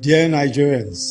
Dear Nigerians,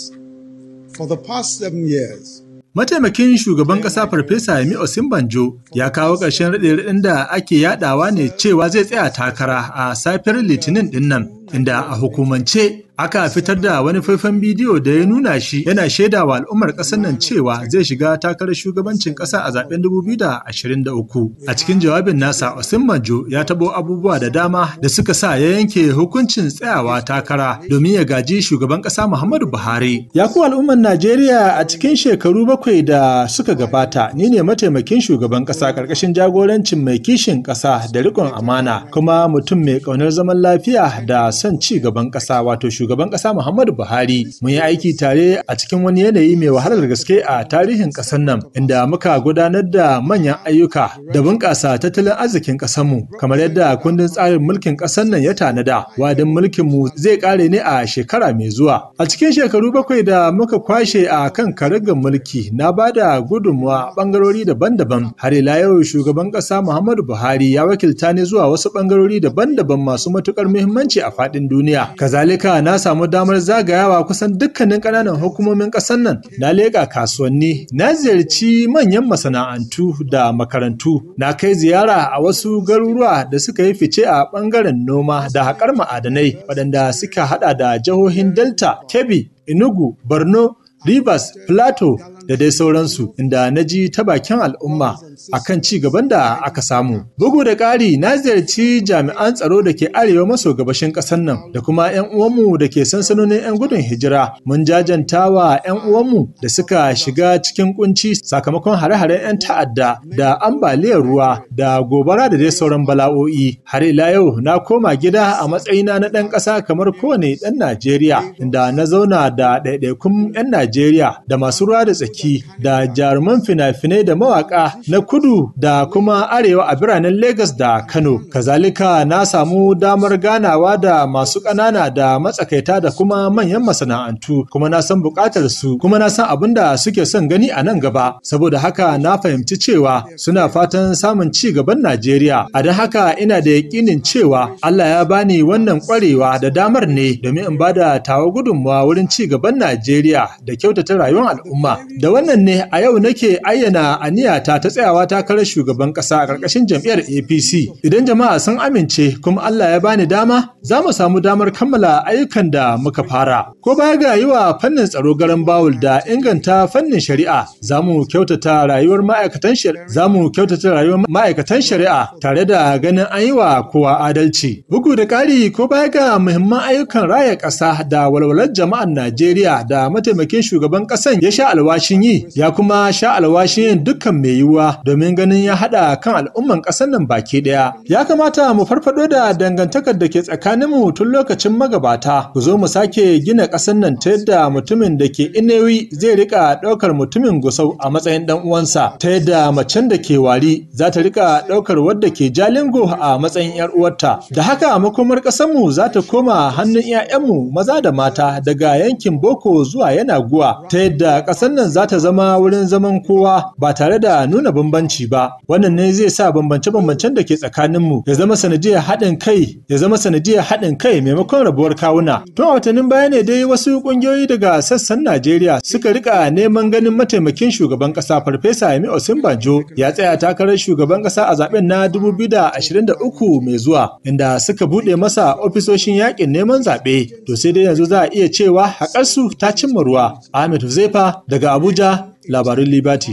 for the past seven years, Mataimakin shugaban ƙasa Farfesa Yemi Osinbanjo ya kawo ƙarshen raɗe raɗen da ake yaɗawa ne cewa zai tsaya takara a safiyar Litinin ɗinnan, inda a hukumance aka fitar da wani faifan bidiyo da ya nuna shi yana shaidawa al'ummar ƙasar nan cewa zai shiga takarar shugabancin ƙasa a zaɓen dubu da ashirin da uku. a cikin jawabin nasa osinbajo ya taɓo abubuwa da dama da suka sa ya yanke hukuncin tsayawa takara domin ya gaji shugaban ƙasa muhammadu buhari ya ku al'ummar najeriya a cikin shekaru bakwai da suka gabata ni ne mataimakin shugaban ƙasa ƙarƙashin jagorancin mai kishin ƙasa da riƙon amana kuma mutum mai ƙaunar zaman lafiya da son ci gaban ƙasa wato shugaban shugaban ƙasa Muhammadu Buhari mun yi aiki tare a cikin wani yanayi mai wahalar gaske a tarihin ƙasar nan inda muka gudanar da manyan ayyuka da bunƙasa tattalin arzikin ƙasar mu, kamar yadda kundin tsarin mulkin ƙasar nan ya tanada wadin mu zai ƙare ne a shekara mai zuwa. A cikin shekaru bakwai da muka kwashe a kan karagar mulki na bada da gudunmuwa ɓangarori daban-daban har ila yau shugaban ƙasa Muhammadu Buhari ya wakilta ne zuwa wasu ɓangarori daban-daban masu matuƙar muhimmanci a faɗin duniya. Kazalika na samu damar zagayawa kusan dukkanin ƙananan hukumomin ƙasar nan na leƙa kasuwanni na ziyarci manyan masana'antu da makarantu na kai ziyara a wasu garuruwa da suka yi fice a ɓangaren noma da haƙar ma'adanai waɗanda suka haɗa da jihohin delta kebbi enugu borno rivers plateau da dai sauransu inda na ji ta bakin al'umma akan ci gaban da aka samu. Bugu da ƙari na ziyarci jami'an tsaro da ke arewa maso gabashin ƙasar nan da kuma 'yan uwanmu da ke sansanonin 'yan gudun hijira mun jajanta wa 'yan uwanmu da suka shiga cikin kunci sakamakon hare-haren 'yan ta'adda da ambaliyar ruwa da gobara da dai sauran bala'o'i. Har ila yau na koma gida a matsayina na ɗan ƙasa kamar kowane ɗan Najeriya inda na zauna da ɗaiɗaikun 'yan Najeriya da masu ruwa da tsaki biki da jaruman fina-finai da mawaka na kudu da kuma arewa a biranen Legas da Kano. Kazalika na samu damar ganawa da masu ƙanana da matsakaita da kuma manyan masana'antu kuma na san buƙatar su kuma na san abin da suke son gani a nan gaba. Saboda haka na fahimci cewa suna fatan samun ci gaban Najeriya. A da haka ina da yaƙinin cewa Allah ya bani wannan ƙwarewa da damar ne domin in bada tawa gudunmawa wurin ci gaban Najeriya da kyautata rayuwar al'umma. Da wannan ne a yau nake ayyana a aniyata ta tsayawa takarar shugaban ƙasa a ƙarƙashin jam'iyyar APC. Idan jama'a sun amince kuma Allah ya bani dama, za mu samu damar kammala ayyukan da muka fara. Ko baya ga yi fannin tsaro garan bawul da inganta fannin shari'a, za mu kyautata rayuwar ma'aikatan shari'a, za mu kyautata rayuwar ma'aikatan shari'a tare da ganin an yi wa kowa adalci. Bugu da ƙari ko baya ga muhimman ayyukan raya ƙasa da walwalar jama'ar Najeriya da mataimakin shugaban ƙasan ya sha alwashi alwashin yi ya kuma sha alwashin yin dukkan mai yiwuwa domin ganin ya haɗa kan al'umman ƙasar nan baki ɗaya. Ya kamata mu farfaɗo da dangantakar da ke tsakaninmu tun lokacin magabata ku zo mu sake gina ƙasar nan ta yadda mutumin da ke inewi zai rika ɗaukar mutumin gusau a matsayin ɗan uwansa ta yadda macen da ke wari za ta rika ɗaukar wadda ke jalingo a matsayin 'yar uwarta. Da haka makomar ƙasarmu za ta koma hannun 'ya'yanmu maza da mata daga yankin Boko zuwa yana guwa. ta yadda ƙasar nan za za ta zama wurin zaman kowa ba tare da nuna bambanci ba wannan ne zai sa bambance-bambancen da ke tsakanin mu ya zama sanadiyar haɗin kai ya zama sanadiyar haɗin kai maimakon rabuwar kawuna tun a watannin baya ne dai wasu ƙungiyoyi daga sassan Najeriya suka rika neman ganin mataimakin shugaban ƙasa Farfesa Yemi Osinbajo ya tsaya takarar shugaban ƙasa a zaben na 2023 mai zuwa inda suka buɗe masa ofisoshin yaƙin neman zaɓe to sai dai yanzu za a iya cewa haƙarsu ta cimma ruwa Ahmed Huzaifa daga Abuja Abuja labarun Liberty